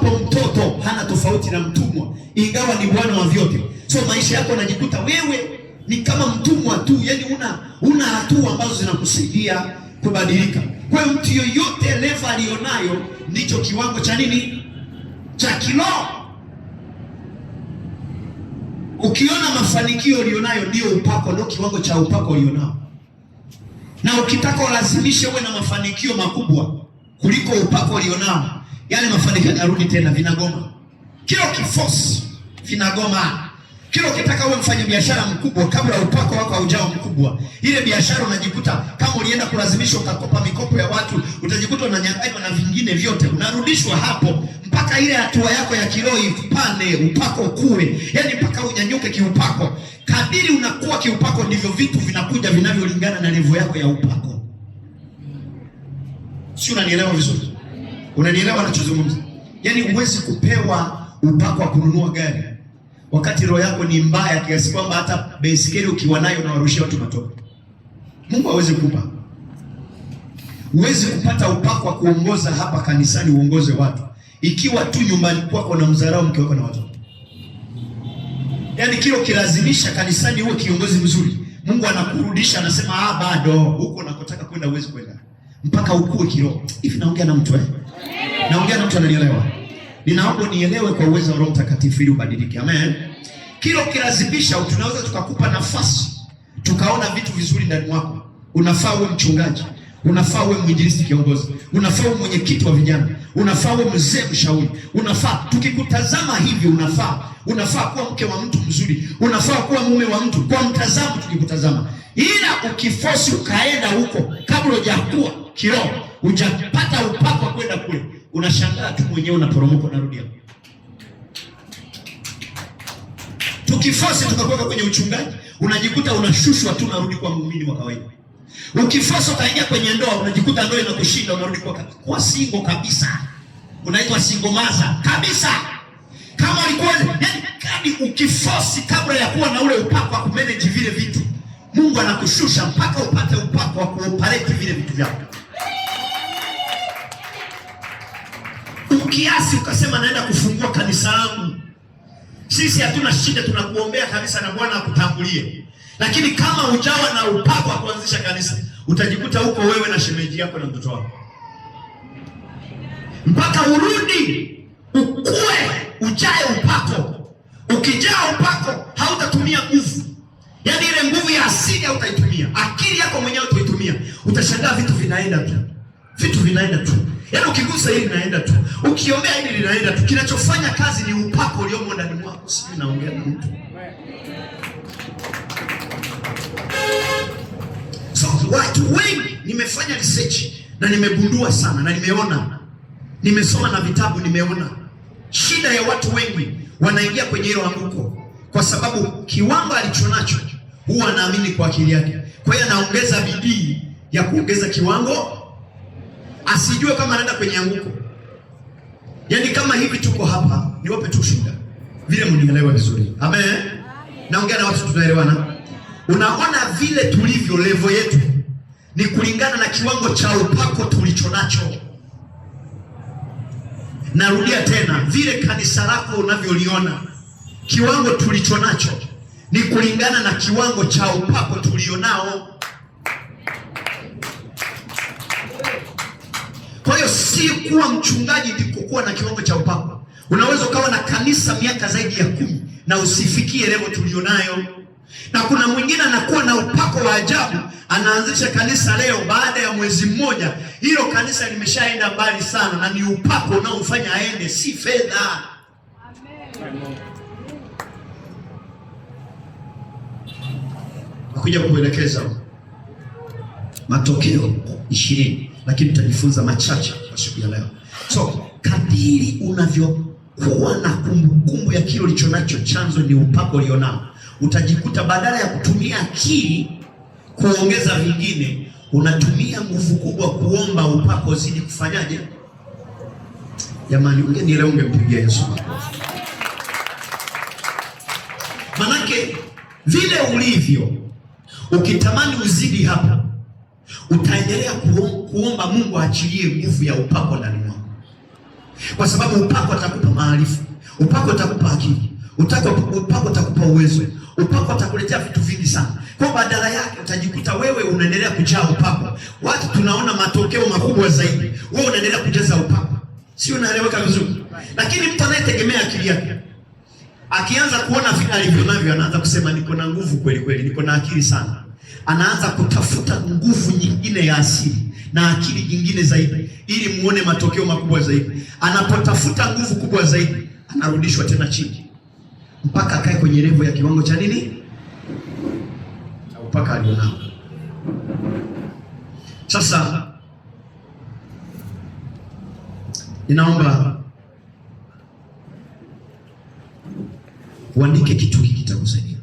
ambapo mtoto hana tofauti na mtumwa, ingawa ni bwana wa vyote. So maisha yako unajikuta wewe ni kama mtumwa tu, yani una una hatua ambazo zinakusaidia kubadilika. Kwa hiyo mtu yoyote leva aliyonayo ndicho kiwango cha nini cha kiroho. Ukiona mafanikio ulionayo ndio upako, ndio kiwango cha upako ulionao. Na ukitaka ulazimishe uwe na mafanikio makubwa kuliko upako ulionao yale mafanikio yanarudi tena, vinagoma. Kila ukiforce vinagoma. Kila ukitaka uwe mfanya biashara mkubwa, kabla upako wako haujao mkubwa, ile biashara unajikuta kama ulienda kulazimishwa ukakopa mikopo ya watu, utajikuta unanyang'anywa na vingine vyote, unarudishwa hapo mpaka ile hatua yako ya kiroho ipane, upako kuwe, yaani mpaka unyanyuke kiupako. Kadiri unakuwa kiupako, ndivyo vitu vinakuja vinavyolingana na levo yako ya upako. Si unanielewa vizuri? Unanielewa nachozungumza? Yaani huwezi kupewa upako wa kununua gari wakati roho yako ni mbaya kiasi kwamba hata baisikeli ukiwa nayo unawarushia watu matope. Mungu hawezi kukupa. Huwezi kupata upako wa kuongoza hapa kanisani uongoze watu ikiwa tu nyumbani kwako na mzarau mke wako na watoto. Yaani kile ukilazimisha kanisani uwe kiongozi mzuri, Mungu anakurudisha anasema, ah, bado huko nakotaka kwenda huwezi kwenda mpaka ukue kiroho. Hivi naongea na mtu eh? Naongea na mtu ananielewa. Ninaomba nielewe kwa uwezo wa Roho Mtakatifu ili ubadilike. Amen. Kila ukilazibisha, tunaweza tukakupa nafasi tukaona vitu vizuri ndani mwako. Unafaa uwe mchungaji, unafaa uwe mwinjilisti kiongozi, unafaa uwe mwenyekiti wa vijana, unafaa uwe mzee mshauri, unafaa. Tukikutazama hivi unafaa, unafaa kuwa mke wa mtu mzuri, unafaa kuwa mume wa mtu, kwa mtazamo tukikutazama. Ila ukifosi ukaenda huko kabla hujakuwa kiroho, hujapata upako kwenda kule unashangaa tu mwenyewe unaporomoka, unarudi hapo. Tukifosi tukakuweka kwenye uchungaji, unajikuta unashushwa tu, unarudi kwa muumini wa kawaida. Ukifosi ukaingia kwenye ndoa, unajikuta ndoa inakushinda, unarudi kwa kwa singo kabisa, unaitwa singomaza kabisa. Kama alikuwa yani, kadi yaani Ukifasi kabla ya kuwa na ule upako wa kumanage vile vitu, Mungu anakushusha mpaka upate upako wa kuoperate vile vitu vyako. kiasi ukasema naenda kufungua kanisa langu. Sisi hatuna shida, tunakuombea kabisa na Bwana akutangulie, lakini kama ujawa na upako wa kuanzisha kanisa utajikuta huko wewe na shemeji yako na mtoto wako mpaka urudi ukue ujae upako. Ukijaa upako hautatumia nguvu, yaani ile nguvu ya asili hautaitumia, akili yako mwenyewe utaitumia. Utashangaa vitu vinaenda tu, vitu vinaenda tu. Yaani ukigusa hili linaenda tu, ukiombea hili linaenda tu. Kinachofanya kazi ni upako uliomo ndani mwako. Sisi naongea na mtu. So watu wengi nimefanya research na nimegundua sana na nimeona, nimesoma na vitabu nimeona, shida ya watu wengi wanaingia kwenye hilo anguko kwa sababu kiwango alichonacho huwa anaamini kwa akili yake, kwa hiyo anaongeza bidii ya kuongeza kiwango asijue kama anaenda kwenye anguko. Yaani kama hivi tuko hapa, niwape tu shida vile mnielewa vizuri. Amen. Naongea na watu tunaelewana. Unaona vile tulivyo, levo yetu ni kulingana na kiwango cha upako tulicho nacho. Narudia tena, vile kanisa lako unavyoliona, kiwango tulicho nacho ni kulingana na kiwango cha upako tulionao. Kwa hiyo si kuwa mchungaji ndiko kuwa na kiwango cha upako. Unaweza ukawa na kanisa miaka zaidi ya kumi na usifikie level tulionayo, na kuna mwingine anakuwa na upako wa ajabu, anaanzisha kanisa leo, baada ya mwezi mmoja hilo kanisa limeshaenda mbali sana, na ni upako unaofanya aende, si fedha. Nakuja kuelekeza matokeo ishirini lakini nitajifunza machache kwa siku ya leo. So kadiri unavyokuwa na kumbukumbu ya kile ulicho nacho, chanzo ni upako ulionao, utajikuta badala ya kutumia akili kuongeza vingine, unatumia nguvu kubwa kuomba upako uzidi kufanyaje. Jamani, ungenielewa ungempigia Yesu Manake vile ulivyo ukitamani uzidi hapa utaendelea kuomba Mungu aachilie nguvu ya upako ndani mwako, kwa sababu upako atakupa maarifa, upako atakupa akili, upako atakupa uwezo, upako atakuletea vitu vingi sana. Kwa badala yake utajikuta wewe unaendelea kujaa upako. Watu tunaona matokeo makubwa zaidi, wewe unaendelea kujaza upako. Sio, unaeleweka vizuri? Lakini mtu anayetegemea akili yake akianza kuona vile alivyo navyo, anaanza kusema niko na nguvu kweli kweli, niko na akili sana anaanza kutafuta nguvu nyingine ya asili na akili nyingine zaidi, ili muone matokeo makubwa zaidi. Anapotafuta nguvu kubwa zaidi, anarudishwa tena chini mpaka akae kwenye levo ya kiwango cha nini cha upaka alionao. Sasa ninaomba uandike kitu hiki kitakusaidia.